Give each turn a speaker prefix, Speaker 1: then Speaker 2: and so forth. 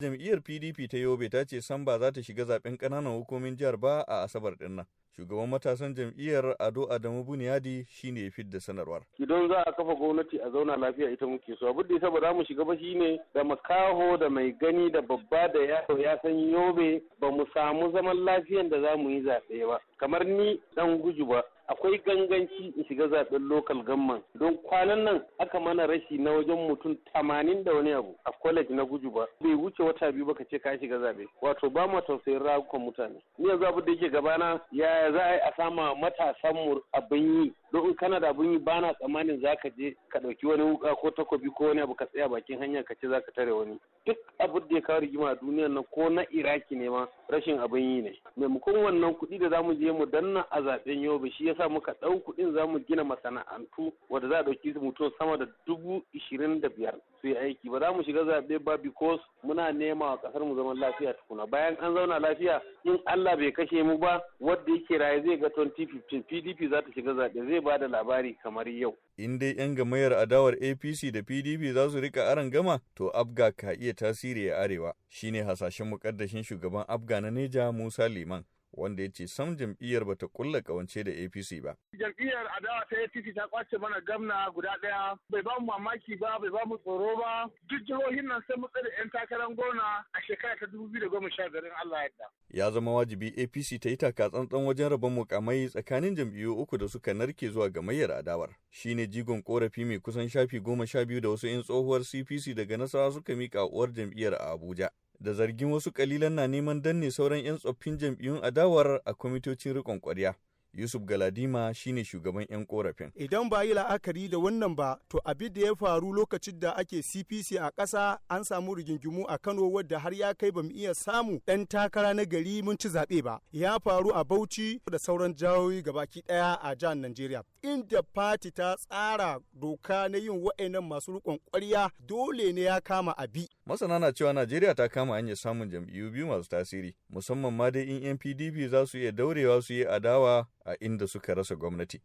Speaker 1: Jam'iyyar PDP ta Yobe ta ce san ba za ta shiga zaben kananan hukumin jihar ba a Asabar ɗin nan. Shugaban matasan jam'iyyar Ado Adamu Buniyadi shine ya fidda sanarwar.
Speaker 2: Idan za a kafa gwamnati a zauna lafiya ita muke so. Abin da ya ba za mu shiga ba shine da makaho da mai gani da babba da yaro ya san Yobe ba mu samu zaman lafiyan da za mu yi zaɓe ba. Kamar ni dan guju ba akwai ganganci in shiga zaben local gamman don kwanan nan aka mana rashi na wajen mutum tamanin da wani abu a college na guju ba bai wuce wata biyu ba ka ce ka shiga zabe wato ba mu tausayin ragukan mutane ni yanzu abin da yake gabana yaya za a yi a sama matasan mu abin yi don in kana da abin yi ba na tsammanin za ka je ka ɗauki wani wuka ko takobi ko wani abu ka tsaya bakin hanya ka ce za ka tare wani duk a kawo rigima a duniyar nan ko na iraki ne ma rashin abin yi ne maimakon wannan kuɗi da zamu je mu danna a zaben yobe shi yasa muka ɗau kuɗin zamu gina masana'antu wanda za a ɗauki mutum sama da dubu ishirin da biyar su yi aiki ba za mu shiga zaɓe ba because muna nema a ƙasar mu zaman lafiya tukuna bayan an zauna lafiya in Allah bai kashe mu ba wadda yake raye zai ga 2015 PDP za ta shiga zaɓe zai ba da labari kamar yau.
Speaker 1: In dai 'yan gamayar adawar APC da PDP za su rika aron gama to Abga ka iya tasiri a arewa shine hasashen mukaddashin shugaban Abga na Neja Musa Liman. wanda ya ce sam jam'iyyar bata kulla kawance da APC ba.
Speaker 2: Jam'iyyar adawa ta APC ta kwace mana gamna guda daya. bai ba mu mamaki ba bai ba mu tsoro ba duk jihohin nan sai mutsa da 'yan takarar gona a shekara ta 2015 in Allah yarda.
Speaker 1: Ya zama wajibi APC ta yi taka tsantsan wajen rabon mukamai tsakanin jam'iyyu uku da suka narke zuwa gamayyar adawar. Shi ne jigon korafi mai kusan shafi goma sha biyu da wasu 'yan tsohuwar CPC daga nasara suka mika uwar jam'iyyar a Abuja. da zargin wasu kalilan na neman danne sauran 'yan tsoffin jam'iyyun adawar a kwamitocin riƙon ƙwarya. Yusuf Galadima shine shugaban 'yan korafin.
Speaker 3: Idan ba yi la'akari da wannan ba, to abin da ya faru lokacin da ake CPC a ƙasa an samu rigingimu a Kano wadda har ya kai bamu iya samu ɗan takara na gari mun ci zaɓe ba. Ya faru a Bauchi da sauran jihohi gabaki ɗaya a jihar Najeriya. Inda fati ta tsara doka
Speaker 1: na yin wa'annan masu rikon ƙwarya dole ne ya kama abi. Masana na cewa Najeriya ta kama hanyar samun jam'iyyu biyu masu tasiri, musamman ma dai in NPDP za su iya daurewa su yi adawa a inda suka rasa gwamnati.